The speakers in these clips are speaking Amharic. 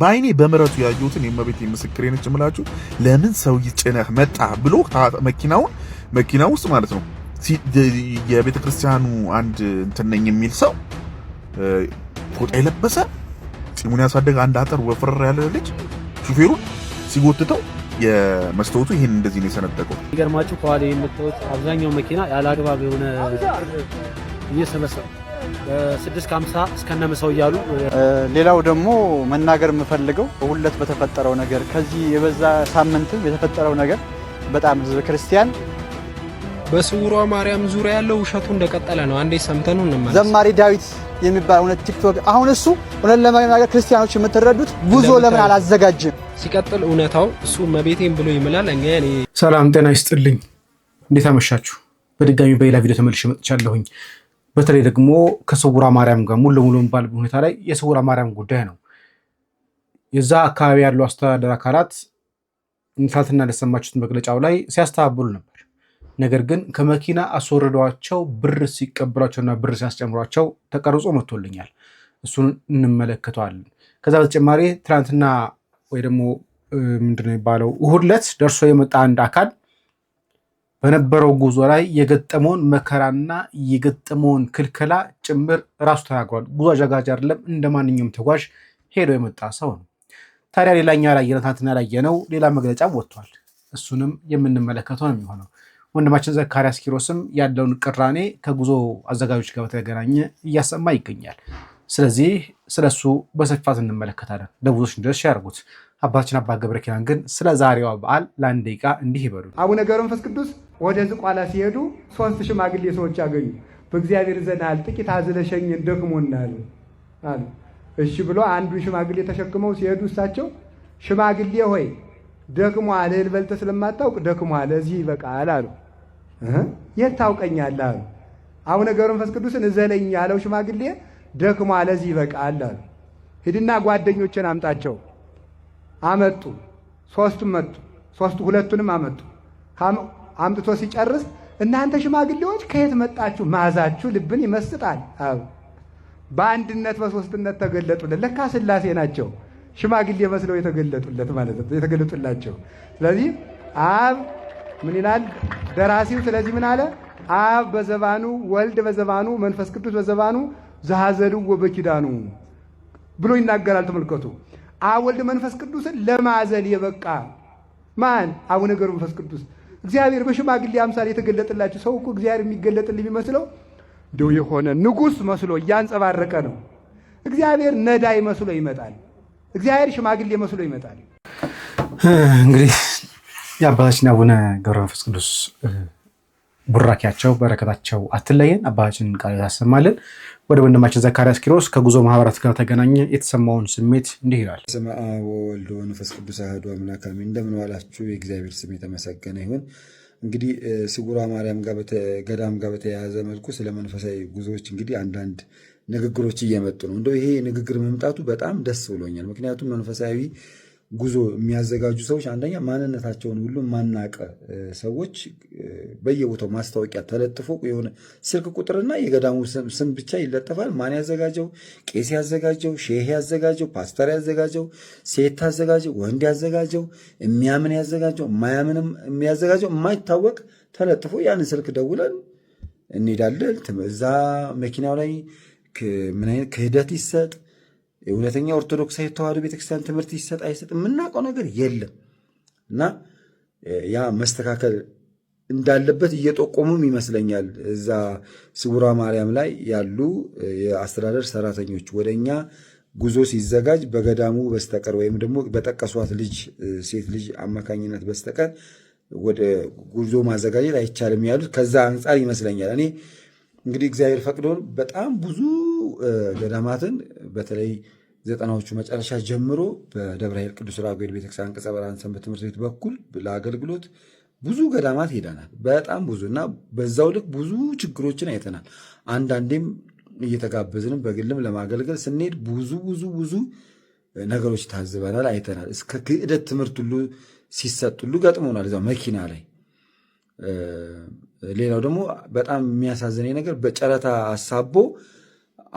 በአይኔ በምረቱ ያየሁትን የመቤት ምስክሬ ነች የምላችሁ። ለምን ሰው ይጭነህ መጣ ብሎ መኪናውን መኪና ውስጥ ማለት ነው የቤተ ክርስቲያኑ አንድ እንትነኝ የሚል ሰው ፎጣ የለበሰ ፂሙን ያሳደገ አንድ አጠር ወፍረር ያለ ልጅ ሹፌሩን ሲጎትተው የመስታወቱ ይህን እንደዚህ ነው የሰነጠቀው። የሚገርማችሁ ከኋላ የምታዩት አብዛኛው መኪና ያለ አግባብ የሆነ እየሰበሰበ ስድስት ከሀምሳ እስከነምሰው እያሉ ሌላው ደግሞ መናገር የምፈልገው በሁለት በተፈጠረው ነገር ከዚህ የበዛ ሳምንትም የተፈጠረው ነገር በጣም ህዝበ ክርስቲያን በስውሯ ማርያም ዙሪያ ያለው ውሸቱ እንደቀጠለ ነው። አንዴ ሰምተኑ እንመለስ። ዘማሪ ዳዊት የሚባል እውነት ቲክቶክ አሁን እሱ እውነት ለመናገር ክርስቲያኖች የምትረዱት ጉዞ ለምን አላዘጋጅም? ሲቀጥል እውነታው እሱ መቤቴም ብሎ ይምላል። እኛ ሰላም ጤና ይስጥልኝ። እንዴት አመሻችሁ? በድጋሚ በሌላ ቪዲዮ ተመልሼ መጥቻለሁኝ። በተለይ ደግሞ ከስውራ ማርያም ጋር ሙሉ ለሙሉ የሚባል ሁኔታ ላይ የስውራ ማርያም ጉዳይ ነው። የዛ አካባቢ ያሉ አስተዳደር አካላት ትናንትና እንደሰማችሁት መግለጫው ላይ ሲያስተባብሉ ነበር። ነገር ግን ከመኪና አስወርደዋቸው ብር ሲቀበሏቸውና ብር ሲያስጨምሯቸው ተቀርጾ መጥቶልኛል። እሱን እንመለከተዋለን። ከዛ በተጨማሪ ትናንትና ወይ ደግሞ ምንድን የሚባለው ዕለት ደርሶ የመጣ አንድ አካል በነበረው ጉዞ ላይ የገጠመውን መከራና የገጠመውን ክልከላ ጭምር ራሱ ተናግሯል። ጉዞ አጃጋጅ አይደለም፣ እንደ ማንኛውም ተጓዥ ሄዶ የመጣ ሰው ነው። ታዲያ ሌላኛ ያላየነው ትናንትና ያላየነው ሌላ መግለጫም ወጥቷል። እሱንም የምንመለከተው ነው የሚሆነው። ወንድማችን ዘካርያስ ኪሮስም ያለውን ቅራኔ ከጉዞ አዘጋጆች ጋር በተገናኘ እያሰማ ይገኛል። ስለዚህ ስለ እሱ በሰፋት እንመለከታለን። ለብዙዎች እንዲደርስ ያደርጉት። አባታችን አባ ገብረ ኪዳን ግን ስለ ዛሬዋ በዓል ለአንድ ደቂቃ እንዲህ ይበሉ። አቡነ ገብረ መንፈስ ቅዱስ ወደ ዝቋላ ሲሄዱ ሶስት ሽማግሌ ሰዎች አገኙ። በእግዚአብሔር ዘናል ጥቂት አዝለሸኝን ደክሞናል አሉ። እሺ ብሎ አንዱ ሽማግሌ ተሸክመው ሲሄዱ እሳቸው ሽማግሌ ሆይ ደክሟል፣ እህል በልተህ ስለማታውቅ ደክሟል፣ እዚህ ይበቃል አሉ። የት ታውቀኛለህ አሉ። አቡነ ገብረ መንፈስ ቅዱስን እዘለኝ ያለው ሽማግሌ ደክሞ አለዚህ ይበቃል አሉ። ሂድና ጓደኞችን አምጣቸው። አመጡ። ሶስቱም መጡ። ሶስቱ ሁለቱንም አመጡ። አምጥቶ ሲጨርስ እናንተ ሽማግሌዎች ከየት መጣችሁ? ማዛችሁ ልብን ይመስጣል አሉ። በአንድነት በሶስትነት ተገለጡለት። ለካ ስላሴ ናቸው ሽማግሌ መስለው የተገለጡለት ማለት የተገለጡላቸው። ስለዚህ አብ ምን ይላል ደራሲው? ስለዚህ ምን አለ? አብ በዘባኑ ወልድ በዘባኑ መንፈስ ቅዱስ በዘባኑ ዘሐዘልዎ ወበኪዳኑ ብሎ ይናገራል። ተመልከቱ። አብ ወልድ መንፈስ ቅዱስን ለማዘል የበቃ ማን? አቡነ ገብረ መንፈስ ቅዱስ። እግዚአብሔር በሽማግሌ አምሳል የተገለጠላቸው ሰው እኮ እግዚአብሔር የሚገለጥል የሚመስለው እንደው የሆነ ንጉሥ መስሎ እያንጸባረቀ ነው። እግዚአብሔር ነዳይ መስሎ ይመጣል። እግዚአብሔር ሽማግሌ መስሎ ይመጣል። እንግዲህ የአባታችን አቡነ ገብረ መንፈስ ቅዱስ ቡራኪያቸው በረከታቸው አትለየን። አባታችን ቃል ያሰማልን። ወደ ወንድማችን ዘካርያስ ኪሮስ ከጉዞ ማህበራት ጋር ተገናኘ የተሰማውን ስሜት እንዲህ ይላል። በስመ አብ ወወልድ ወመንፈስ ቅዱስ አሐዱ አምላክ አሜን። እንደምን ዋላችሁ። የእግዚአብሔር ስም የተመሰገነ ይሁን። እንግዲህ ስጉራ ማርያም ገዳም ጋር በተያያዘ መልኩ ስለ መንፈሳዊ ጉዞዎች እንግዲህ አንዳንድ ንግግሮች እየመጡ ነው። እንደው ይሄ ንግግር መምጣቱ በጣም ደስ ብሎኛል። ምክንያቱም መንፈሳዊ ጉዞ የሚያዘጋጁ ሰዎች አንደኛ ማንነታቸውን ሁሉ ማናቀ ሰዎች በየቦታው ማስታወቂያ ተለጥፎ የሆነ ስልክ ቁጥርና የገዳሙ ስም ብቻ ይለጠፋል። ማን ያዘጋጀው? ቄስ ያዘጋጀው፣ ሼህ ያዘጋጀው፣ ፓስተር ያዘጋጀው፣ ሴት ያዘጋጀው፣ ወንድ ያዘጋጀው፣ የሚያምን ያዘጋጀው፣ ማያምንም የሚያዘጋጀው የማይታወቅ ተለጥፎ ያንን ስልክ ደውለን እንሄዳለን። እዛ መኪናው ላይ ምን አይነት ክህደት ይሰጥ እውነተኛ ኦርቶዶክሳዊ ተዋህዶ ቤተክርስቲያን ትምህርት ይሰጥ አይሰጥ የምናውቀው ነገር የለም እና ያ መስተካከል እንዳለበት እየጠቆሙም ይመስለኛል። እዛ ስውራ ማርያም ላይ ያሉ የአስተዳደር ሰራተኞች ወደ እኛ ጉዞ ሲዘጋጅ በገዳሙ በስተቀር ወይም ደግሞ በጠቀሷት ልጅ ሴት ልጅ አማካኝነት በስተቀር ወደ ጉዞ ማዘጋጀት አይቻልም ያሉት ከዛ አንጻር ይመስለኛል። እኔ እንግዲህ እግዚአብሔር ፈቅዶን በጣም ብዙ ገዳማትን በተለይ ዘጠናዎቹ መጨረሻ ጀምሮ በደብረ ኃይል ቅዱስ ራጉኤል ቤተክርስቲያን ቀጸ ብርሃን ሰንበት ትምህርት ቤት በኩል ለአገልግሎት ብዙ ገዳማት ሄደናል። በጣም ብዙ እና በዛው ልክ ብዙ ችግሮችን አይተናል። አንዳንዴም እየተጋበዝንም በግልም ለማገልገል ስንሄድ ብዙ ብዙ ብዙ ነገሮች ታዝበናል፣ አይተናል። እስከ ክህደት ትምህርት ሁሉ ሲሰጥ ሁሉ ገጥሞናል እዛው መኪና ላይ። ሌላው ደግሞ በጣም የሚያሳዝነኝ ነገር በጨረታ አሳቦ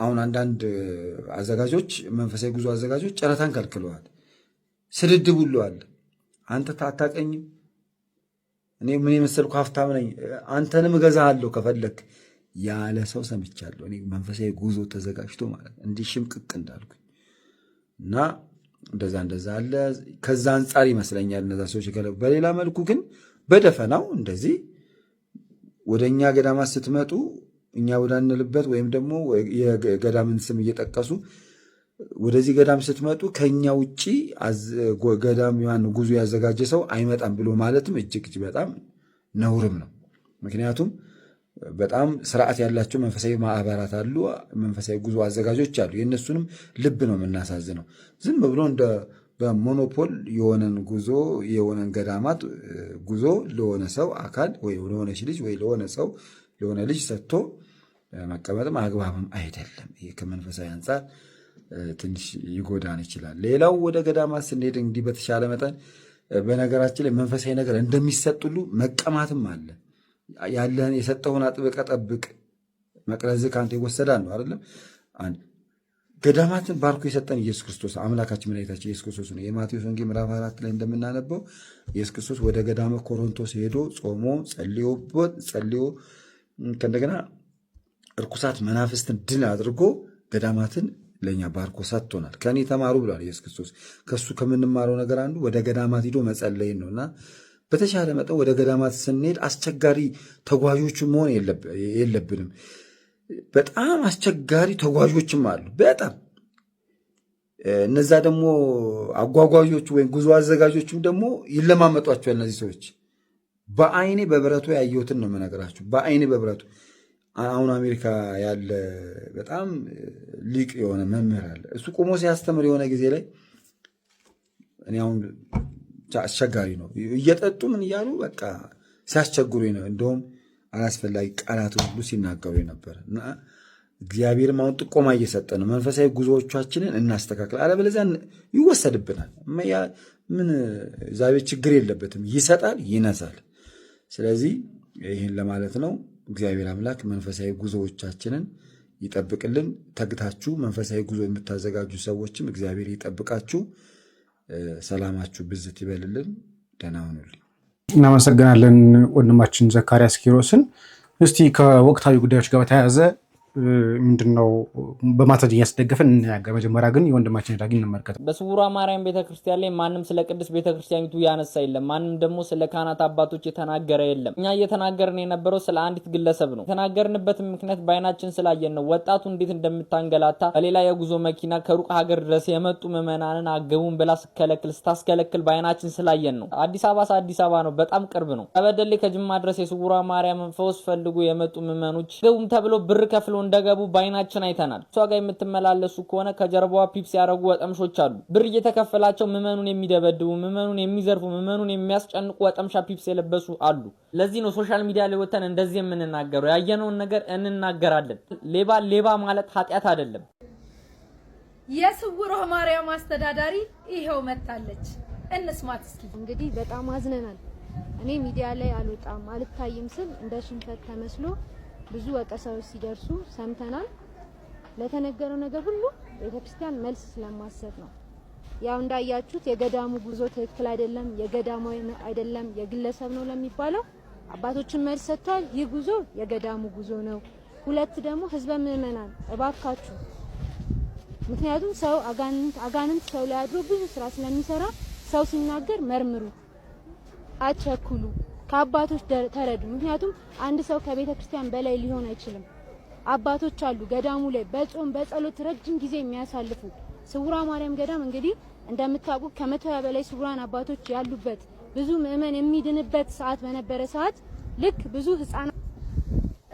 አሁን አንዳንድ አዘጋጆች፣ መንፈሳዊ ጉዞ አዘጋጆች ጨረታን ከልክለዋል። ስድድብ ሁሉ አለ። አንተ አታቀኝም እኔ ምን የመሰልኩ ሀብታም ነኝ፣ አንተንም እገዛሃለሁ ከፈለክ ያለ ሰው ሰምቻለሁ። እኔ መንፈሳዊ ጉዞ ተዘጋጅቶ ማለት እንዲህ ሽምቅቅ እንዳልኩኝ እና እንደዛ እንደዛ አለ። ከዛ አንጻር ይመስለኛል እነዛ ሰዎች ገለ በሌላ መልኩ ግን በደፈናው እንደዚህ ወደ እኛ ገዳማ ስትመጡ እኛ ወዳንልበት ወይም ደግሞ የገዳምን ስም እየጠቀሱ ወደዚህ ገዳም ስትመጡ ከኛ ውጭ ገዳም ጉዞ ያዘጋጀ ሰው አይመጣም ብሎ ማለትም እጅግ በጣም ነውርም ነው። ምክንያቱም በጣም ስርዓት ያላቸው መንፈሳዊ ማህበራት አሉ፣ መንፈሳዊ ጉዞ አዘጋጆች አሉ። የእነሱንም ልብ ነው የምናሳዝነው። ዝም ብሎ እንደ በሞኖፖል የሆነን ጉዞ የሆነን ገዳማት ጉዞ ለሆነ ሰው አካል ወይ ለሆነች ልጅ ወይ ለሆነ ሰው የሆነ ልጅ ሰጥቶ መቀመጥም አግባብም አይደለም። ይህ ከመንፈሳዊ አንጻር ትንሽ ይጎዳን ይችላል። ሌላው ወደ ገዳማት ስንሄድ እንግዲህ በተሻለ መጠን በነገራችን ላይ መንፈሳዊ ነገር እንደሚሰጥ ሁሉ መቀማትም አለ። ያለህን የሰጠውን አጥብቀ ጠብቅ። መቅረዝ ከአንተ የወሰዳ ነው አይደለም። ገዳማትን ባርኮ የሰጠን ኢየሱስ ክርስቶስ አምላካችን መድኃኒታችን ኢየሱስ ክርስቶስ ነው። የማቴዎስ ወንጌል ምዕራፍ አራት ላይ እንደምናነበው ኢየሱስ ክርስቶስ ወደ ገዳመ ኮሮንቶስ ሄዶ ጾሞ ጸልዮ ጸልዮ ከእንደገና እርኩሳት መናፍስትን ድል አድርጎ ገዳማትን ለእኛ ባርኮ ሰጥቶናል። ከእኔ ተማሩ ብሏል ኢየሱስ ክርስቶስ። ከእሱ ከምንማረው ነገር አንዱ ወደ ገዳማት ሂዶ መጸለይን ነው እና በተሻለ መጠን ወደ ገዳማት ስንሄድ አስቸጋሪ ተጓዦች መሆን የለብንም። በጣም አስቸጋሪ ተጓዦችም አሉ። በጣም እነዛ ደግሞ አጓጓዦቹ ወይም ጉዞ አዘጋጆችም ደግሞ ይለማመጧቸዋል። እነዚህ ሰዎች በአይኔ በብረቱ ያየሁትን ነው የምነግራችሁ። በአይኔ በብረቱ አሁን አሜሪካ ያለ በጣም ሊቅ የሆነ መምህር አለ። እሱ ቁሞ ሲያስተምር የሆነ ጊዜ ላይ እኔ አሁን አስቸጋሪ ነው እየጠጡ ምን እያሉ በቃ ሲያስቸግሩ ነው። እንደውም አላስፈላጊ ቃላት ሁሉ ሲናገሩ ነበር። እና እግዚአብሔርም አሁን ጥቆማ እየሰጠ ነው። መንፈሳዊ ጉዞዎቻችንን እናስተካክል፣ አለበለዚያ ይወሰድብናል። ምን እግዚአብሔር ችግር የለበትም፣ ይሰጣል፣ ይነሳል። ስለዚህ ይህን ለማለት ነው። እግዚአብሔር አምላክ መንፈሳዊ ጉዞዎቻችንን ይጠብቅልን። ተግታችሁ መንፈሳዊ ጉዞ የምታዘጋጁ ሰዎችም እግዚአብሔር ይጠብቃችሁ። ሰላማችሁ ብዝት ይበልልን። ደህና እናመሰግናለን ወንድማችን ዘካርያስ ኪሮስን። እስቲ ከወቅታዊ ጉዳዮች ጋር በተያያዘ ምንድነው በማስረጃ እያስደገፈን እንናገር። መጀመሪያ ግን የወንድማችን ዳጊ እንመልከት። በስውሯ ማርያም ቤተክርስቲያን ላይ ማንም ስለ ቅድስት ቤተክርስቲያኒቱ ያነሳ የለም። ማንም ደግሞ ስለ ካህናት አባቶች የተናገረ የለም። እኛ እየተናገርን የነበረው ስለ አንዲት ግለሰብ ነው። የተናገርንበትም ምክንያት በአይናችን ስላየን ነው። ወጣቱ እንዴት እንደምታንገላታ በሌላ የጉዞ መኪና ከሩቅ ሀገር ድረስ የመጡ ምዕመናንን አገቡን ብላ ስከለክል ስታስከለክል በአይናችን ስላየን ነው። አዲስ አበባ አዲስ አበባ ነው፣ በጣም ቅርብ ነው። ከበደሌ ከጅማ ድረስ የስውሯ ማርያምን ፈውስ ፈልጉ የመጡ ምዕመኖች ገቡም ተብሎ ብር ከፍሎ እንደገቡ በአይናችን አይተናል። እሷ ጋር የምትመላለሱ ከሆነ ከጀርባዋ ፒፕስ ያደረጉ ወጠምሾች አሉ። ብር እየተከፈላቸው ምዕመኑን የሚደበድቡ፣ ምዕመኑን የሚዘርፉ፣ ምዕመኑን የሚያስጨንቁ ወጠምሻ ፒፕስ የለበሱ አሉ። ለዚህ ነው ሶሻል ሚዲያ ላይ እንደዚህ የምንናገረው። ያየነውን ነገር እንናገራለን። ሌባ ሌባ ማለት ኃጢአት አይደለም። የስውሯ ማርያም አስተዳዳሪ ይሄው መታለች። እንስማት እስኪ። እንግዲህ በጣም አዝነናል። እኔ ሚዲያ ላይ አልወጣም አልታይም ስል እንደ ሽንፈት ተመስሎ ብዙ ወቀሳዎች ሲደርሱ ሰምተናል። ለተነገረው ነገር ሁሉ ቤተክርስቲያን መልስ ስለማሰጥ ነው። ያው እንዳያችሁት የገዳሙ ጉዞ ትክክል አይደለም፣ የገዳሙ አይደለም፣ የግለሰብ ነው ለሚባለው አባቶችን መልስ ሰጥቷል። ይህ ጉዞ የገዳሙ ጉዞ ነው። ሁለት ደግሞ ህዝበ ምእመናን እባካችሁ፣ ምክንያቱም ሰው አጋንንት አጋንንት ሰው ላይ አድሮ ብዙ ስራ ስለሚሰራ ሰው ሲናገር መርምሩ፣ አትቸኩሉ። ከአባቶች ተረዱ። ምክንያቱም አንድ ሰው ከቤተ ክርስቲያን በላይ ሊሆን አይችልም። አባቶች አሉ ገዳሙ ላይ በጾም በጸሎት ረጅም ጊዜ የሚያሳልፉ። ስውሯ ማርያም ገዳም እንግዲህ እንደምታውቁ ከመቶ በላይ ስውራን አባቶች ያሉበት ብዙ ምእመን የሚድንበት ሰዓት በነበረ ሰዓት ልክ ብዙ ህፃናት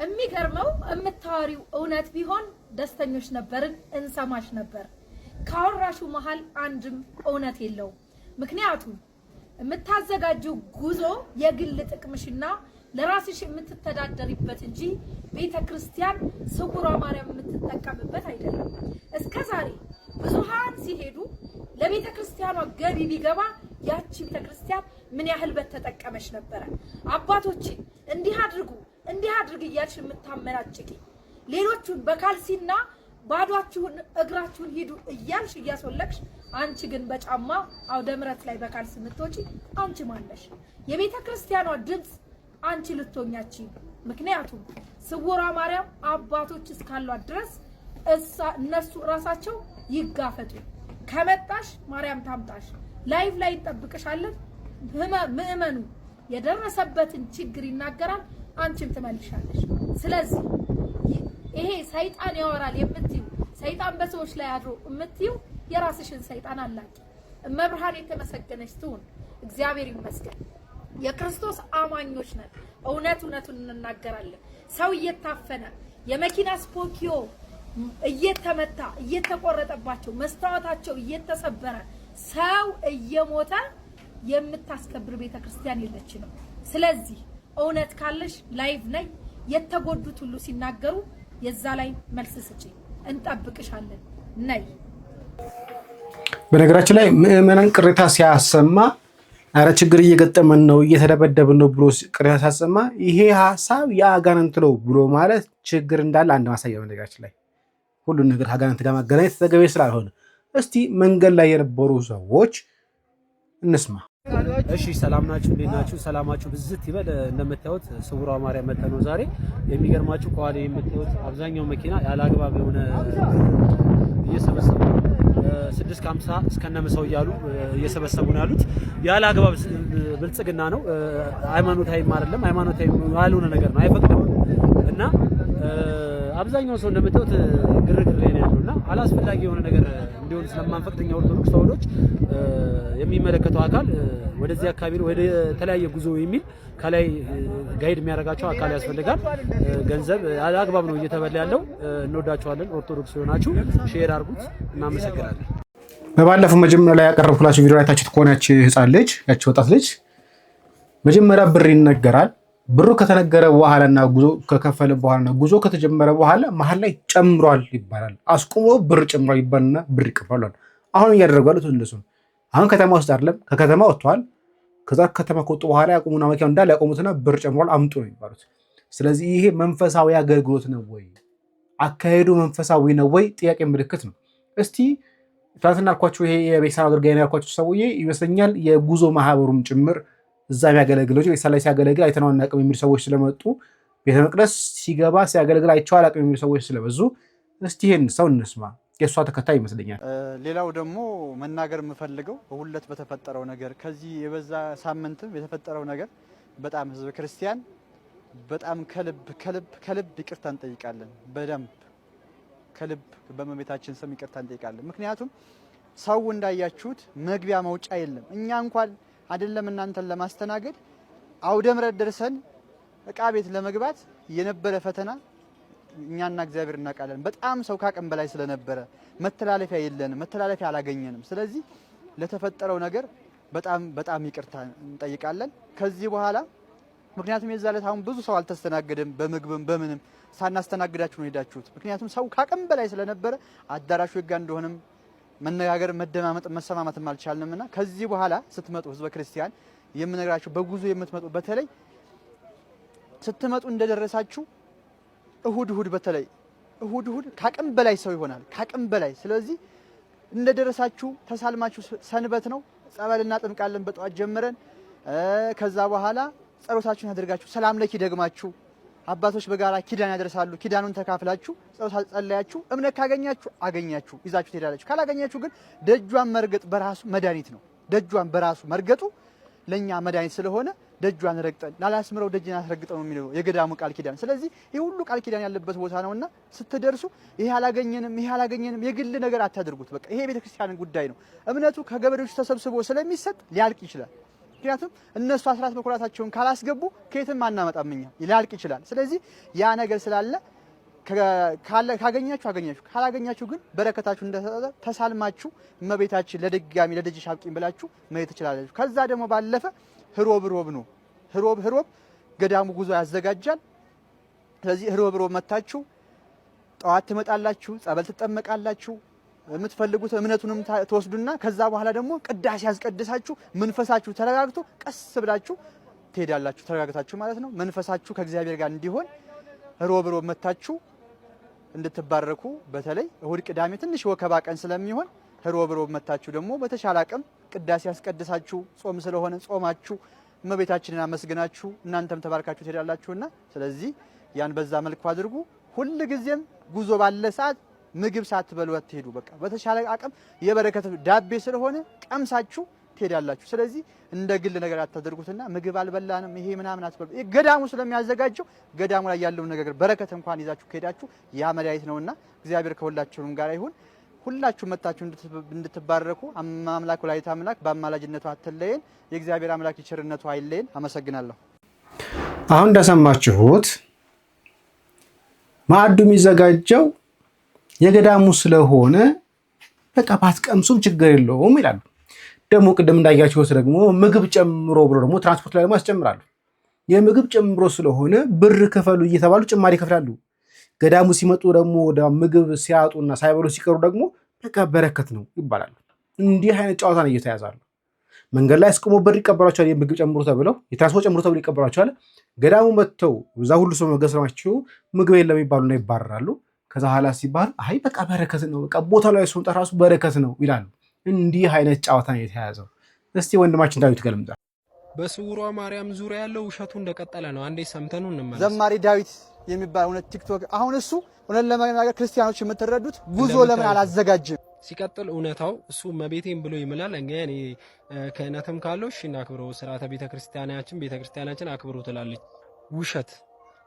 የሚገርመው የምታወሪው እውነት ቢሆን ደስተኞች ነበርን፣ እንሰማሽ ነበር። ካወራሹ መሀል አንድም እውነት የለውም ምክንያቱም የምታዘጋጀው ጉዞ የግል ጥቅምሽና ለራስሽ የምትተዳደሪበት እንጂ ቤተ ክርስቲያን ስውሯ ማርያም የምትጠቀምበት አይደለም። እስከ ዛሬ ብዙሃን ሲሄዱ ለቤተ ክርስቲያኗ ገቢ ቢገባ ያቺ ቤተ ክርስቲያን ምን ያህል በተጠቀመች ነበረ። አባቶቼ እንዲህ አድርጉ እንዲህ አድርግ እያልሽ የምታመናጭቂ ሌሎቹን በካልሲና ባዷችሁን እግራችሁን ሂዱ እያልሽ እያስወለቅሽ አንቺ ግን በጫማ አውደ ምረት ላይ በካልስ ምትወጪ አንቺ ማለሽ የቤተ ክርስቲያኗ ድምፅ አንቺ ልትሆኛች። ምክንያቱም ስውሯ ማርያም አባቶች እስካሏት ድረስ እነሱ እራሳቸው ይጋፈጡ። ከመጣሽ ማርያም ታምጣሽ፣ ላይፍ ላይ እንጠብቅሻለን። ምእመኑ የደረሰበትን ችግር ይናገራል፣ አንቺም ትመልሻለሽ። ስለዚህ ይሄ ሰይጣን ያወራል የምትዩ ሰይጣን በሰዎች ላይ አድሮ የምትዩ የራስሽን ሰይጣን አላቂ። መብርሃን የተመሰገነች ትሁን። እግዚአብሔር ይመስገን። የክርስቶስ አማኞች ነን። እውነት እውነቱን እንናገራለን። ሰው እየታፈነ የመኪና ስፖኪዮ እየተመታ እየተቆረጠባቸው መስታወታቸው እየተሰበረ ሰው እየሞተ የምታስከብር ቤተ ክርስቲያን ነው። ስለዚህ እውነት ካለሽ ላይቭ ነይ። የተጎዱት ሁሉ ሲናገሩ የዛ ላይ መልስ ስጪ። እንጠብቅሻለን። ነይ በነገራችን ላይ ምዕመናን ቅሬታ ሲያሰማ አረ ችግር እየገጠመን ነው እየተደበደብን ነው ብሎ ቅሬታ ሲያሰማ ይሄ ሀሳብ የአጋንንት ነው ብሎ ማለት ችግር እንዳለ አንድ ማሳያ። በነገራችን ላይ ሁሉን ነገር አጋንንት ጋር ማገናኘት ተገቢ ስላልሆነ እስቲ መንገድ ላይ የነበሩ ሰዎች እንስማ። እሺ ሰላም ናችሁ? እንዴት ናችሁ? ሰላማችሁ ብዝት ይበል። እንደምታዩት ስውሯ ማርያም መጣ ነው ዛሬ። የሚገርማችሁ ከኋላ የምታዩት አብዛኛው መኪና ያለ አግባብ የሆነ እየሰበሰቡ ስድስት ከሀምሳ እስከነምሰው እያሉ እየሰበሰቡ ነው ያሉት። ያለ አግባብ ብልጽግና ነው። ሃይማኖታዊም አይደለም፣ ሃይማኖታዊ ያልሆነ ነገር ነው አይፈቅደውም። እና አብዛኛው ሰው እንደምታዩት ግርግር እና አላስፈላጊ የሆነ ነገር እንዲሆን ስለማንፈቅደኛ ኦርቶዶክስ ተዋህዶች የሚመለከተው አካል ወደዚህ አካባቢ ወደ ተለያየ ጉዞ የሚል ከላይ ጋይድ የሚያደርጋቸው አካል ያስፈልጋል። ገንዘብ አግባብ ነው እየተበላ ያለው። እንወዳቸዋለን። ኦርቶዶክስ የሆናችሁ ሼር አድርጉት። እናመሰግናለን። በባለፈው መጀመሪያ ላይ ያቀረብኩላቸው ቪዲዮ አይታችሁት ከሆነ ያች ህፃን ልጅ ያች ወጣት ልጅ መጀመሪያ ብር ይነገራል ብሩ ከተነገረ በኋላና ጉዞ ከከፈለ በኋላና ጉዞ ከተጀመረ በኋላ መሀል ላይ ጨምሯል ይባላል። አስቁሞ ብር ጨምሯል ይባልና ብር ይከፈሏል። አሁን እያደረጉ ያሉት እንደሱ ነው። አሁን ከተማ ውስጥ አይደለም፣ ከከተማ ወጥተዋል። ከዛ ከተማ ከወጡ በኋላ ያቆሙና መኪናው እንዳለ ያቆሙትና ብር ጨምሯል አምጡ ነው የሚባሉት። ስለዚህ ይሄ መንፈሳዊ አገልግሎት ነው ወይ? አካሄዱ መንፈሳዊ ነው ወይ? ጥያቄ ምልክት ነው። እስቲ ትናንትና አልኳቸው፣ ይሄ የቤተሰብ አገልጋይ ያልኳቸው ሰውዬ ይመስለኛል የጉዞ ማህበሩም ጭምር እዛ ቢያገለግለው ላይ ሲያገለግል አይተነው አናውቅም የሚሉ ሰዎች ስለመጡ ቤተ መቅደስ ሲገባ ሲያገለግል አይቼው አላውቅም የሚሉ ሰዎች ስለበዙ እስቲ ይሄን ሰው እንስማ። የእሷ ተከታይ ይመስለኛል። ሌላው ደግሞ መናገር የምፈልገው በሁለት በተፈጠረው ነገር ከዚህ የበዛ ሳምንትም የተፈጠረው ነገር በጣም ህዝበ ክርስቲያን በጣም ከልብ ከልብ ከልብ ይቅርታ እንጠይቃለን። በደንብ ከልብ በመቤታችን ስም ይቅርታ እንጠይቃለን። ምክንያቱም ሰው እንዳያችሁት መግቢያ መውጫ የለም። እኛ እንኳን አይደለም እናንተን ለማስተናገድ አውደ ምሕረት ደርሰን እቃ ቤት ለመግባት የነበረ ፈተና እኛና እግዚአብሔር እናውቃለን። በጣም ሰው ካቅም በላይ ስለነበረ መተላለፊያ የለንም፣ መተላለፊያ አላገኘንም። ስለዚህ ለተፈጠረው ነገር በጣም በጣም ይቅርታ እንጠይቃለን። ከዚህ በኋላ ምክንያቱም የዛ ዕለት አሁን ብዙ ሰው አልተስተናገደም። በምግብም በምንም ሳናስተናግዳችሁ ነው ሄዳችሁት። ምክንያቱም ሰው ካቅም በላይ ስለነበረ አዳራሹ ህጋ እንደሆነም መነጋገር፣ መደማመጥ፣ መሰማማትም አልቻልንም እና ከዚህ በኋላ ስትመጡ ህዝበ ክርስቲያን የምነግራችሁ በጉዞ የምትመጡ በተለይ ስትመጡ እንደደረሳችሁ እሁድ እሁድ በተለይ እሁድ እሁድ ከአቅም በላይ ሰው ይሆናል፣ ከአቅም በላይ ስለዚህ እንደደረሳችሁ ተሳልማችሁ ሰንበት ነው። ጸበል እናጥምቃለን በጠዋት ጀምረን ከዛ በኋላ ጸሎታችሁን ያደርጋችሁ ሰላም ለኪ ደግማችሁ አባቶች በጋራ ኪዳን ያደርሳሉ። ኪዳኑን ተካፍላችሁ ጸሎት ጸለያችሁ፣ እምነት ካገኛችሁ አገኛችሁ ይዛችሁ ትሄዳላችሁ። ካላገኛችሁ ግን ደጇን መርገጥ በራሱ መድኃኒት ነው። ደጇን በራሱ መርገጡ ለእኛ መድኃኒት ስለሆነ ደጇን ረግጠን ላላስምረው ደጅን አስረግጠው ነው የሚለው የገዳሙ ቃል ኪዳን። ስለዚህ ይህ ሁሉ ቃል ኪዳን ያለበት ቦታ ነውና ስትደርሱ ይሄ አላገኘንም፣ ይሄ አላገኘንም የግል ነገር አታደርጉት በቃ ይሄ የቤተክርስቲያን ጉዳይ ነው። እምነቱ ከገበሬዎች ተሰብስቦ ስለሚሰጥ ሊያልቅ ይችላል። ምክንያቱም እነሱ አስራት በኩራታቸውን ካላስገቡ ከየትም አናመጣም እኛ ሊያልቅ ይችላል። ስለዚህ ያ ነገር ስላለ ካገኛችሁ አገኛችሁ፣ ካላገኛችሁ ግን በረከታችሁ እንደተሰጠ ተሳልማችሁ እመቤታችን ለድጋሚ ለደጅሽ አብቂኝ ብላችሁ መሄድ ትችላላችሁ። ከዛ ደግሞ ባለፈ ህሮብ ህሮብ ነው። ህሮብ ህሮብ ገዳሙ ጉዞ ያዘጋጃል። ስለዚህ ህሮብ ህሮብ መታችሁ ጠዋት ትመጣላችሁ፣ ጸበል ትጠመቃላችሁ። የምትፈልጉት እምነቱንም ትወስዱና ከዛ በኋላ ደግሞ ቅዳሴ ያስቀድሳችሁ መንፈሳችሁ ተረጋግቶ ቀስ ብላችሁ ትሄዳላችሁ። ተረጋግታችሁ ማለት ነው። መንፈሳችሁ ከእግዚአብሔር ጋር እንዲሆን ሮብ ሮብ መታችሁ እንድትባረኩ በተለይ እሁድ፣ ቅዳሜ ትንሽ ወከባ ቀን ስለሚሆን ሮብ ሮብ መታችሁ ደግሞ በተሻለ አቅም ቅዳሴ ያስቀድሳችሁ ጾም ስለሆነ ጾማችሁ እመቤታችንን አመስግናችሁ እናንተም ተባርካችሁ ትሄዳላችሁና ስለዚህ ያን በዛ መልኩ አድርጉ። ጊዜም ጉዞ ባለ ሰዓት ምግብ ሳትበሉ አትሄዱ። በቃ በተሻለ አቅም የበረከት ዳቤ ስለሆነ ቀምሳችሁ ትሄዳላችሁ። ስለዚህ እንደ ግል ነገር አታደርጉትና ምግብ አልበላንም ይሄ ምናምን አትበሉ። ገዳሙ ስለሚያዘጋጀው ገዳሙ ላይ ያለውን ነገር በረከት እንኳን ይዛችሁ ከሄዳችሁ ያ መድኃኒት ነውና እግዚአብሔር ከሁላችሁም ጋር ይሁን። ሁላችሁ መታችሁ እንድትባረኩ አምላኩ ላይ አምላክ በአማላጅነቱ አትለየን። የእግዚአብሔር አምላክ ይቸርነቱ አይለየን። አመሰግናለሁ። አሁን እንደሰማችሁት ማዕዱ የሚዘጋጀው የገዳሙ ስለሆነ በቃ ባትቀምሱም ችግር የለውም ይላሉ። ደግሞ ቅድም እንዳያችሁት ደግሞ ምግብ ጨምሮ ብሎ ደግሞ ትራንስፖርት ላይ ደግሞ ያስጨምራሉ። የምግብ ጨምሮ ስለሆነ ብር ክፈሉ እየተባሉ ጭማሪ ይከፍላሉ። ገዳሙ ሲመጡ ደግሞ ምግብ ሲያጡና ሳይበሉ ሲቀሩ ደግሞ በቃ በረከት ነው ይባላሉ። እንዲህ አይነት ጨዋታ ነው እየተያዛሉ። መንገድ ላይ አስቆሞ ብር ይቀበሏቸዋል። የምግብ ጨምሮ ተብለው የትራንስፖርት ጨምሮ ተብለው ይቀበሏቸዋል። ገዳሙ መጥተው እዛ ሁሉ ሰው መገብ ምግብ የለም ይባሉና ይባረራሉ። ከዛ ኋላ ሲባል አይ በቃ በረከት ነው፣ በቃ ቦታ ላይ ስወጣ ራሱ በረከት ነው ይላሉ። እንዲህ አይነት ጨዋታ ነው የተያዘው። እስቲ ወንድማችን ዳዊት ገልምጣ። በስውሯ ማርያም ዙሪያ ያለው ውሸቱ እንደቀጠለ ነው። አንዴ ሰምተኑ እንመለስ። ዘማሪ ዳዊት የሚባል እውነት ቲክቶክ አሁን እሱ እውነት ለመናገር ክርስቲያኖች የምትረዱት ጉዞ ለምን አላዘጋጅም? ሲቀጥል እውነታው እሱ መቤቴን ብሎ ይምላል። እንግዲህ እኔ ክህነትም ካለው እሺ እናክብሮ፣ ስርዓተ ቤተክርስቲያናችን ቤተክርስቲያናችን አክብሮ ትላለች። ውሸት።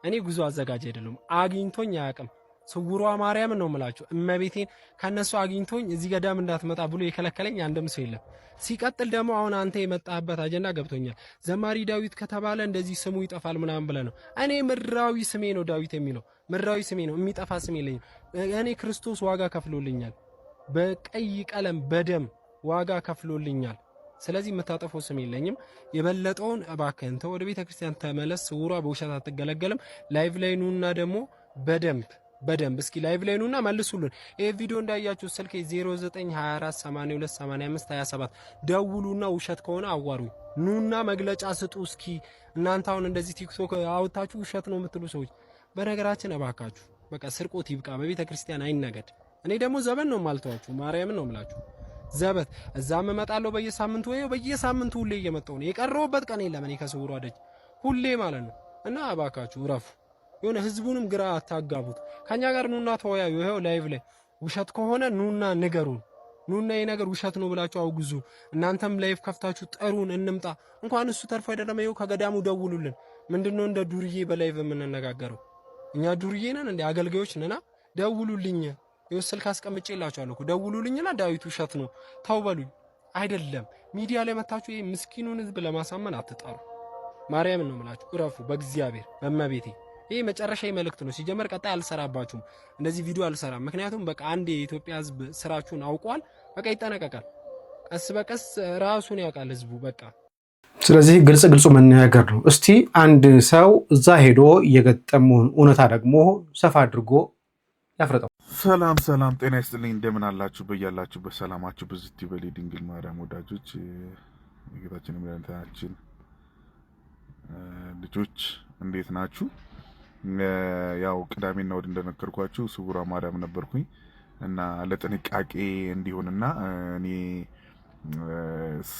እኔ ጉዞ አዘጋጅ አይደለም አግኝቶኝ አያውቅም። ስውሯ ማርያም ነው የምላችሁ። እመቤቴን ከነሱ አግኝቶኝ እዚህ ገዳም እንዳትመጣ ብሎ የከለከለኝ አንድም ሰው የለም። ሲቀጥል ደግሞ አሁን አንተ የመጣህበት አጀንዳ ገብቶኛል። ዘማሪ ዳዊት ከተባለ እንደዚህ ስሙ ይጠፋል ምናምን ብለህ ነው። እኔ ምድራዊ ስሜ ነው ዳዊት የሚለው ምድራዊ ስሜ ነው፣ የሚጠፋ ስሜ የለኝም። እኔ ክርስቶስ ዋጋ ከፍሎልኛል፣ በቀይ ቀለም በደም ዋጋ ከፍሎልኛል። ስለዚህ የምታጠፈው ስም የለኝም። የበለጠውን እባክህን ተው፣ ወደ ቤተክርስቲያን ተመለስ። ስውሯ በውሸት አትገለገልም። ላይቭ ላይ ኑና ደግሞ በደንብ በደንብ እስኪ ላይቭ ላይ ኑና መልሱልን። ይህ ቪዲዮ እንዳያችሁ ስልክ 0924828527 ደውሉና ውሸት ከሆነ አዋሩኝ። ኑና መግለጫ ስጡ እስኪ። እናንተ አሁን እንደዚህ ቲክቶክ አውታችሁ ውሸት ነው የምትሉ ሰዎች፣ በነገራችን እባካችሁ በቃ ስርቆት ይብቃ፣ በቤተ ክርስቲያን አይነገድ። እኔ ደግሞ ዘበን ነው ማልተዋችሁ፣ ማርያምን ነው የምላችሁ። ዘበት እዛም እመጣለሁ በየሳምንቱ ወይ በየሳምንቱ ሁሌ እየመጣሁ ነው። የቀረውበት ቀን የለም እኔ ከስውሯ ሁሌ ማለት ነው። እና እባካችሁ እረፉ። የሆነ ህዝቡንም ግራ አታጋቡት። ከኛ ጋር ኑና ተወያዩ። ይሄው ላይቭ ላይ ውሸት ከሆነ ኑና ንገሩን። ኑና ይህ ነገር ውሸት ነው ብላችሁ አውግዙ። እናንተም ላይቭ ከፍታችሁ ጠሩን እንምጣ። እንኳን እሱ ተርፎ አይደለም ይሄው ከገዳሙ ደውሉልን። ምንድነው እንደ ዱርዬ በላይቭ የምንነጋገረው? እኛ ዱርዬ ነን እንዴ? አገልጋዮች ነና፣ ደውሉልኝ። ይኸው ስልክ አስቀምጬላችኋለሁ እኮ ደውሉልኝና ዳዊት ውሸት ነው ተው በሉኝ። አይደለም ሚዲያ ላይ መታችሁ ይሄ ምስኪኑን ህዝብ ለማሳመን አትጣሩ። ማርያም ነው የምላችሁ፣ እረፉ በእግዚአብሔር በእመቤቴ ይሄ መጨረሻ መልእክት ነው። ሲጀመር ቀጣይ አልሰራባችሁም፣ እንደዚህ ቪዲዮ አልሰራም። ምክንያቱም በቃ አንድ የኢትዮጵያ ህዝብ ስራችሁን አውቋል። በቃ ይጠነቀቃል። ቀስ በቀስ ራሱን ያውቃል ህዝቡ በቃ። ስለዚህ ግልጽ ግልጹ መነጋገር ነው። እስቲ አንድ ሰው እዛ ሄዶ የገጠመውን እውነታ ደግሞ ሰፋ አድርጎ ያፍረጠው። ሰላም ሰላም፣ ጤና ይስጥልኝ እንደምን አላችሁ? በያላችሁ በሰላማችሁ ብዝት ይበል። ድንግል ማርያም ወዳጆች ጌታችን መድኃኒታችን ልጆች እንዴት ናችሁ? ያው ቅዳሜና እሑድ እንደነገርኳችሁ ስውሯ ማርያም ነበርኩኝ እና ለጥንቃቄ እንዲሆንና እኔ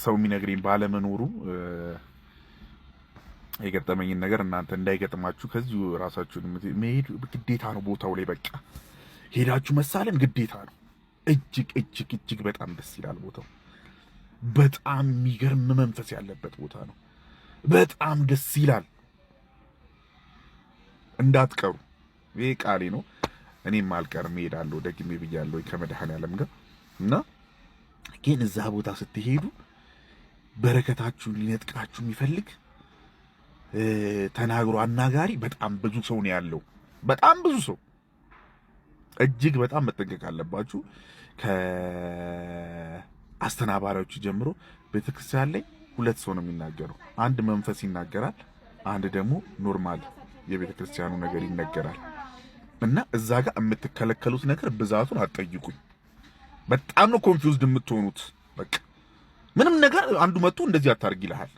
ሰው የሚነግረኝ ባለመኖሩ የገጠመኝን ነገር እናንተ እንዳይገጥማችሁ ከዚሁ ራሳችሁን መሄድ ግዴታ ነው። ቦታው ላይ በቃ ሄዳችሁ መሳለም ግዴታ ነው። እጅግ እጅግ እጅግ በጣም ደስ ይላል ቦታው። በጣም የሚገርም መንፈስ ያለበት ቦታ ነው። በጣም ደስ ይላል። እንዳትቀሩ። ይሄ ቃሌ ነው። እኔም አልቀርም እሄዳለሁ፣ ደግሜ ብያለሁ ከመድኃኔዓለም ጋር እና ግን እዛ ቦታ ስትሄዱ በረከታችሁን ሊነጥቃችሁ የሚፈልግ ተናግሮ አናጋሪ በጣም ብዙ ሰው ነው ያለው። በጣም ብዙ ሰው እጅግ በጣም መጠንቀቅ አለባችሁ። ከአስተናባሪዎቹ ጀምሮ ቤተክርስቲያን ላይ ሁለት ሰው ነው የሚናገረው። አንድ መንፈስ ይናገራል፣ አንድ ደግሞ ኖርማል የቤተ ክርስቲያኑ ነገር ይነገራል። እና እዛ ጋር የምትከለከሉት ነገር ብዛቱን አትጠይቁኝ። በጣም ነው ኮንፊውዝድ የምትሆኑት። በቃ ምንም ነገር አንዱ መጥቶ እንደዚህ አታርግ ይልሃል፣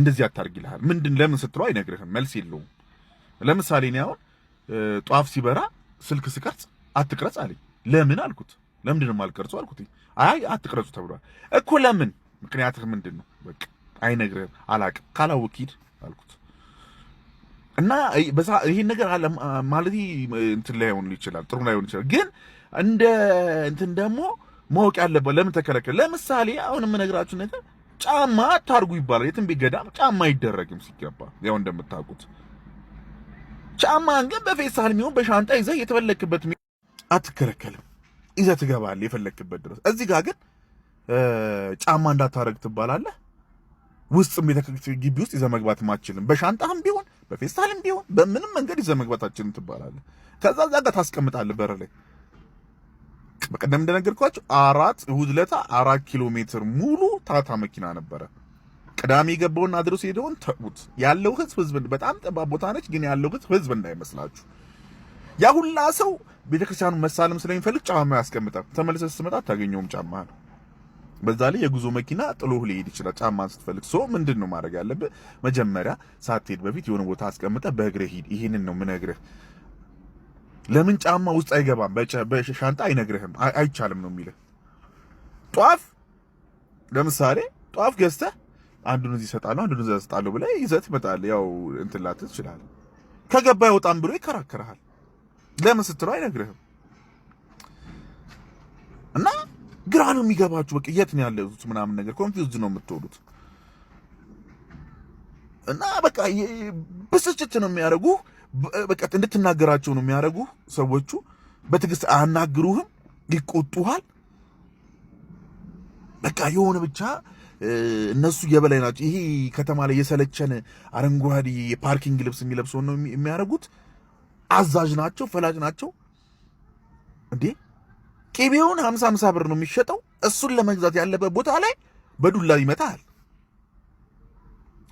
እንደዚህ አታርግ ይልሃል። ምንድን ለምን ስትለው አይነግርህም፣ መልስ የለውም። ለምሳሌ እኔ አሁን ጧፍ ሲበራ ስልክ ስቀርጽ አትቅረጽ አለኝ። ለምን አልኩት። ለምንድን ነው የማልቀርጹ አልኩት። አይ አትቅረጹ ተብሏል እኮ ለምን? ምክንያትህ ምንድን ነው? በቃ አይነግርህም። አላቅም ካላወቅ ሂድ አልኩት። እና ይሄን ነገር አለ ማለት እንትን ላይሆን ይችላል፣ ጥሩ ላይሆን ይችላል። ግን እንደ እንትን ደግሞ ማወቅ ያለበት ለምን ተከለከለ። ለምሳሌ አሁን የምነግራችሁ ነገር ጫማ አታርጉ ይባላል። የትም ቢገዳም ጫማ አይደረግም ሲገባ፣ ያው እንደምታውቁት። ጫማን ግን በፌስታል የሚሆን በሻንጣ ይዘህ የተፈለክበት አትከለከልም፣ ይዘህ ትገባለህ የፈለክበት ድረስ። እዚህ ጋር ግን ጫማ እንዳታረግ ትባላለህ። ውስጥ ግቢ ውስጥ ይዘህ መግባት ማችልም፣ በሻንጣህም ቢሆን በፌስታልም ቢሆን በምንም መንገድ ይዘህ መግባታችን ትባላለህ። ከዛ እዛ ጋር ታስቀምጣለህ በር ላይ። በቀደም እንደነገርኳቸው አራት እሑድ አራት ኪሎ ሜትር ሙሉ ታታ መኪና ነበረ። ቅዳሜ የገባውን አድረስ ሄደውን ተዉት። ያለው ህዝብ ህዝብ በጣም ጠባብ ቦታ ነች፣ ግን ያለው ህዝብ ህዝብ እንዳይመስላችሁ። ያ ሁላ ሰው ቤተክርስቲያኑ መሳለም ስለሚፈልግ ጫማ ያስቀምጣል። ተመልሰህ ስትመጣ አታገኘውም ጫማ ነው በዛ ላይ የጉዞ መኪና ጥሎህ ሊሄድ ይችላል። ጫማን ስትፈልግ ሶ ምንድን ነው ማድረግ ያለብህ? መጀመሪያ ሳትሄድ በፊት የሆነ ቦታ አስቀምጠ በእግርህ ሂድ። ይህንን ነው ምነግርህ። ለምን ጫማ ውስጥ አይገባም፣ በሻንጣ አይነግርህም። አይቻልም ነው የሚልህ። ጧፍ ለምሳሌ ጧፍ ገዝተህ አንዱን እዚህ እሰጣለሁ አንዱን እዚያ እሰጣለሁ ብለህ ይዘህ ትመጣለህ። ያው እንትን ላትህ ትችላለህ። ከገባ ይወጣም ብሎ ይከራከርሃል። ለምን ስትለው አይነግርህም። ግራ ነው የሚገባችሁ። በቃ የት ነው ያለሁት ምናምን ነገር ኮንፊውዝድ ነው የምትሆኑት እና በቃ ብስጭት ነው የሚያደርጉ በቃ እንድትናገራቸው ነው የሚያደርጉ ሰዎቹ። በትዕግስት አናግሩህም፣ ይቆጡሃል። በቃ የሆነ ብቻ እነሱ የበላይ ናቸው። ይሄ ከተማ ላይ የሰለቸን አረንጓዴ የፓርኪንግ ልብስ የሚለብሰውን ነው የሚያደርጉት። አዛዥ ናቸው፣ ፈላጭ ናቸው እንዴ ቅቤውን ሀምሳ ሀምሳ ብር ነው የሚሸጠው። እሱን ለመግዛት ያለበት ቦታ ላይ በዱላ ይመታል።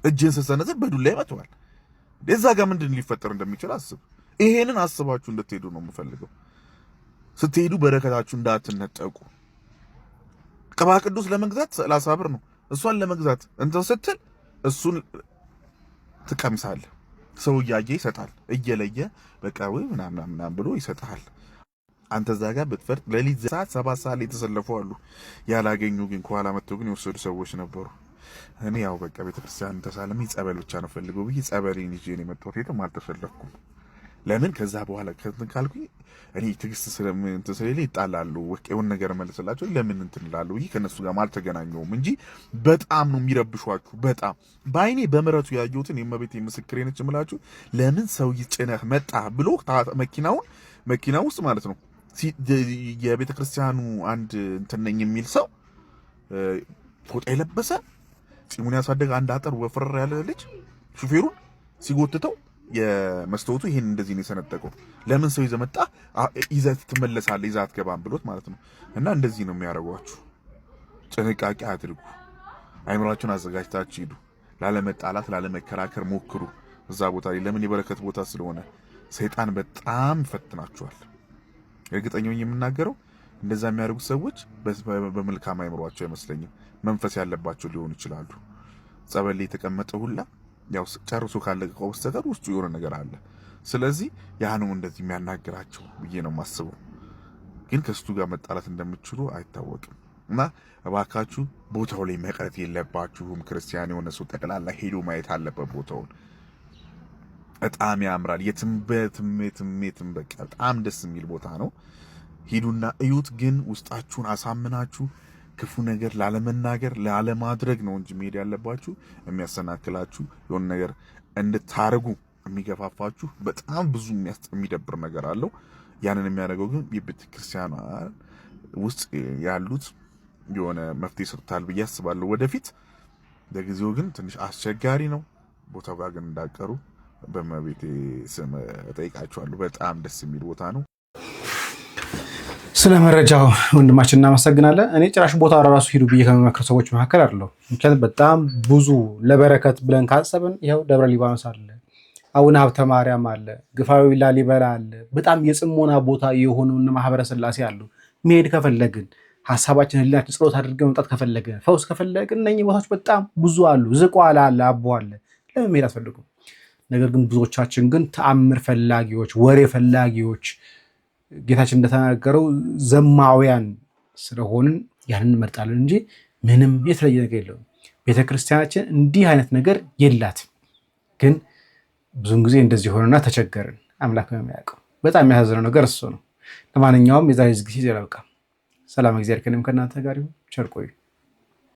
እጅን ስትሰነዝር በዱላ ይመታዋል። እዛ ጋር ምንድን ሊፈጠር እንደሚችል አስብ። ይሄንን አስባችሁ እንድትሄዱ ነው የምፈልገው። ስትሄዱ በረከታችሁ እንዳትነጠቁ። ቅባ ቅዱስ ለመግዛት ሰላሳ ብር ነው። እሷን ለመግዛት እንትን ስትል እሱን ትቀምሳለህ። ሰው እያየ ይሰጣል። እየለየ በቃ ወይ ምናምን ምናምን ብሎ ይሰጣል። አንተ እዛ ጋር ብትፈርጥ ሌሊት ሰዓት ሰባት ሰዓት ላይ የተሰለፉ አሉ። ያላገኙ ግን ከኋላ መጥቶ ግን የወሰዱ ሰዎች ነበሩ። እኔ ያው በቃ ቤተክርስቲያን ተሳለም ጸበል ብቻ ነው ፈልገው ብዬ ጸበሌን ይዤ ነው የመጣሁት። የትም አልተሰለፍኩም። ለምን ከዛ በኋላ ከእንትን ካልኩኝ እኔ ትዕግስት ስለምንትን ስለሌለ ይጣላሉ። ወቅ ነገር መልስላቸው ለምን እንትን እላለሁ ብዬ ከእነሱ ጋር አልተገናኘሁም እንጂ በጣም ነው የሚረብሿችሁ። በጣም በአይኔ በምሕረቱ ያየሁትን የእመቤቴ ምስክሬ ነች የምላችሁ። ለምን ሰው ይጭነህ መጣ ብሎ መኪናውን መኪና ውስጥ ማለት ነው የቤተ ክርስቲያኑ አንድ እንትን ነኝ የሚል ሰው ፎጣ የለበሰ ፂሙን ያሳደገ አንድ አጠር ወፍረር ያለ ልጅ ሹፌሩን ሲጎትተው የመስታወቱ ይሄን እንደዚህ ነው የሰነጠቀው። ለምን ሰው ይዘህ መጣ ይዘህ ትመለሳለህ፣ ይዘህ አትገባም ብሎት ማለት ነው። እና እንደዚህ ነው የሚያደርጓችሁ። ጥንቃቄ አድርጉ። አይምራችሁን አዘጋጅታችሁ ሂዱ። ላለመጣላት፣ ላለመከራከር ሞክሩ። እዛ ቦታ ላይ ለምን የበረከት ቦታ ስለሆነ ሰይጣን በጣም ይፈትናችኋል። እርግጠኛ የምናገረው እንደዛ የሚያደርጉት ሰዎች በመልካም አይምሯቸው አይመስለኝም። መንፈስ ያለባቸው ሊሆኑ ይችላሉ። ጸበል ላይ የተቀመጠ ሁላ ያው ጨርሶ ካለቀቀው በስተቀር ውስጡ የሆነ ነገር አለ። ስለዚህ ያህኑም እንደዚህ የሚያናግራቸው ብዬ ነው የማስበው። ግን ከእሱ ጋር መጣላት እንደምችሉ አይታወቅም እና እባካችሁ ቦታው ላይ መቅረት የለባችሁም። ክርስቲያን የሆነ ሰው ጠቅላላ ሄዶ ማየት አለበት ቦታውን። በጣም ያምራል። የትንበትሜትሜትም በቃ በጣም ደስ የሚል ቦታ ነው። ሂዱና እዩት። ግን ውስጣችሁን አሳምናችሁ ክፉ ነገር ላለመናገር ላለማድረግ ነው እንጂ መሄድ ያለባችሁ። የሚያሰናክላችሁ የሆነ ነገር እንድታርጉ የሚገፋፋችሁ በጣም ብዙ የሚደብር ነገር አለው። ያንን የሚያደርገው ግን የቤተ ውስጥ ያሉት የሆነ መፍትሄ ሰጥታል ብዬ አስባለሁ ወደፊት። ለጊዜው ግን ትንሽ አስቸጋሪ ነው። ቦታው ጋር ግን እንዳቀሩ በመቤቴ ስም እጠይቃችኋለሁ። በጣም ደስ የሚል ቦታ ነው። ስለ መረጃው ወንድማችን እናመሰግናለን። እኔ ጭራሽ ቦታ ራሱ ሂዱ ብዬ ከመመክር ሰዎች መካከል አለው። ምክንያቱም በጣም ብዙ ለበረከት ብለን ካሰብን ይኸው ደብረ ሊባኖስ አለ፣ አቡነ ሀብተ ማርያም አለ፣ ግፋዊ ላሊበላ አለ። በጣም የጽሞና ቦታ የሆኑ ማህበረ ስላሴ አሉ። መሄድ ከፈለግን ሀሳባችን ህሊናችን ጸሎት አድርገን መምጣት ከፈለግን ፈውስ ከፈለግን እነኚህ ቦታዎች በጣም ብዙ አሉ። ዝቋላ አለ፣ አቦ አለ። ለምን መሄድ አስፈልጉም? ነገር ግን ብዙዎቻችን ግን ተአምር ፈላጊዎች፣ ወሬ ፈላጊዎች ጌታችን እንደተናገረው ዘማውያን ስለሆንን ያንን እንመርጣለን እንጂ ምንም የተለየ ነገር የለውም። ቤተክርስቲያናችን እንዲህ አይነት ነገር የላት። ግን ብዙን ጊዜ እንደዚህ ሆነና ተቸገርን። አምላክ የሚያውቀው በጣም የሚያሳዝነው ነገር እሱ ነው። ለማንኛውም የዛሬ ዝግጅት ያበቃ። ሰላም፣ እግዚአብሔር ከእኔም ከእናንተ ጋር ይሁን። ቸር ቆዩ።